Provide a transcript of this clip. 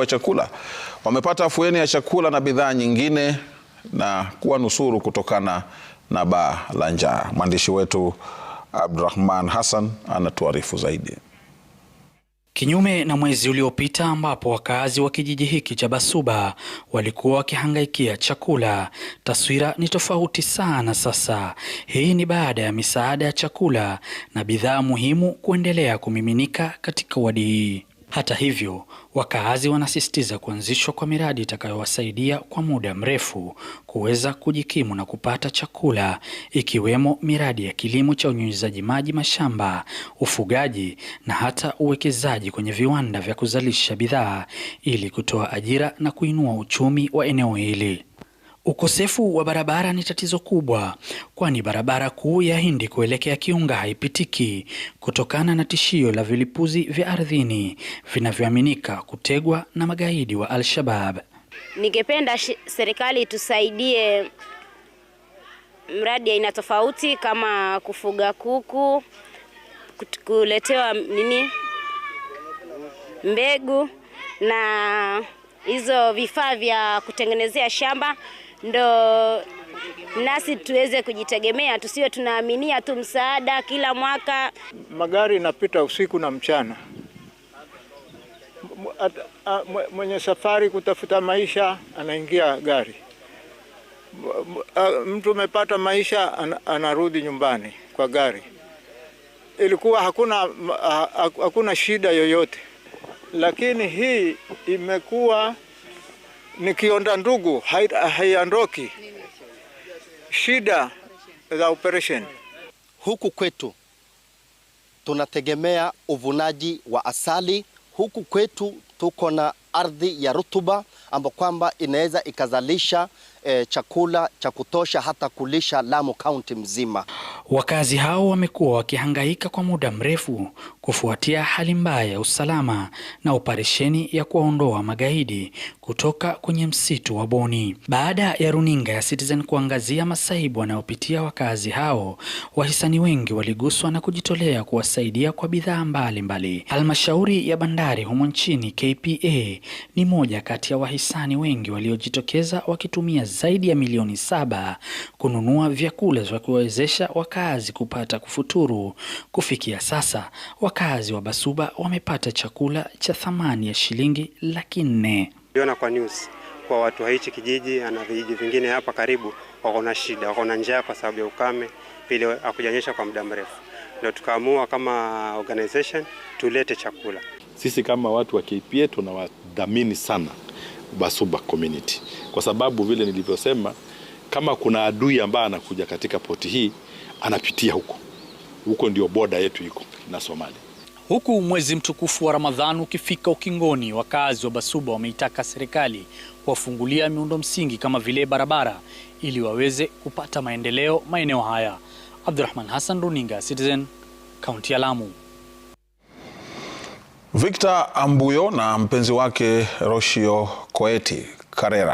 wa chakula wamepata afueni ya chakula na bidhaa nyingine na kuwa nusuru kutokana na baa la njaa. Mwandishi wetu Abdurahman Hassan anatuarifu zaidi. Kinyume na mwezi uliopita ambapo wakazi wa kijiji hiki cha Basuba walikuwa wakihangaikia chakula, taswira ni tofauti sana sasa. Hii ni baada ya misaada ya chakula na bidhaa muhimu kuendelea kumiminika katika wadi hii. Hata hivyo, wakaazi wanasisitiza kuanzishwa kwa miradi itakayowasaidia kwa muda mrefu kuweza kujikimu na kupata chakula, ikiwemo miradi ya kilimo cha unyunyizaji maji mashamba, ufugaji na hata uwekezaji kwenye viwanda vya kuzalisha bidhaa ili kutoa ajira na kuinua uchumi wa eneo hili. Ukosefu wa barabara ni tatizo kubwa, kwani barabara kuu ya Hindi kuelekea Kiunga haipitiki kutokana na tishio la vilipuzi vya ardhini vinavyoaminika kutegwa na magaidi wa Al-Shabab. Ningependa serikali itusaidie mradi aina tofauti kama kufuga kuku, kuletewa nini mbegu na hizo vifaa vya kutengenezea shamba ndo nasi tuweze kujitegemea, tusiwe tunaaminia tu msaada kila mwaka. Magari inapita usiku na mchana, mwenye safari kutafuta maisha anaingia gari, mtu amepata maisha anarudi nyumbani kwa gari. Ilikuwa hakuna, hakuna shida yoyote, lakini hii imekuwa nikionda ndugu haiandoki shida za operation. Huku kwetu tunategemea uvunaji wa asali. Huku kwetu tuko na ardhi ya rutuba ambayo kwamba inaweza ikazalisha eh, chakula cha kutosha hata kulisha Lamu County mzima. Wakazi hao wamekuwa wakihangaika kwa muda mrefu kufuatia hali mbaya ya usalama na operesheni ya kuwaondoa magaidi kutoka kwenye msitu wa Boni. Baada ya runinga ya Citizen kuangazia masaibu wanayopitia wakazi hao, wahisani wengi waliguswa na kujitolea kuwasaidia kwa bidhaa mbalimbali. Halmashauri ya bandari humo nchini KPA ni moja kati ya wahisani wengi waliojitokeza wakitumia zaidi ya milioni saba kununua vyakula vya kuwawezesha wakazi kupata kufuturu. Kufikia sasa, wakazi wa Basuba wamepata chakula cha thamani ya shilingi laki nne. Uliona kwa news kwa watu wa hichi kijiji na vijiji vingine hapa karibu wako na shida, wako na njaa kwa sababu ya ukame, pili hakujanyesha kwa muda mrefu, ndio tukaamua kama organization tulete chakula. Sisi kama watu wa KPA tunawadhamini sana Basuba community, kwa sababu vile nilivyosema, kama kuna adui ambaye anakuja katika poti hii anapitia huko huko, ndio boda yetu iko na Somalia. Huku mwezi mtukufu wa Ramadhani ukifika ukingoni, wakazi wa Basuba wameitaka serikali kuwafungulia miundo msingi kama vile barabara ili waweze kupata maendeleo maeneo haya. Abdurrahman Hassan, Runinga Citizen, kaunti ya Lamu. Victor Ambuyo na mpenzi wake Roshio Koeti Karera.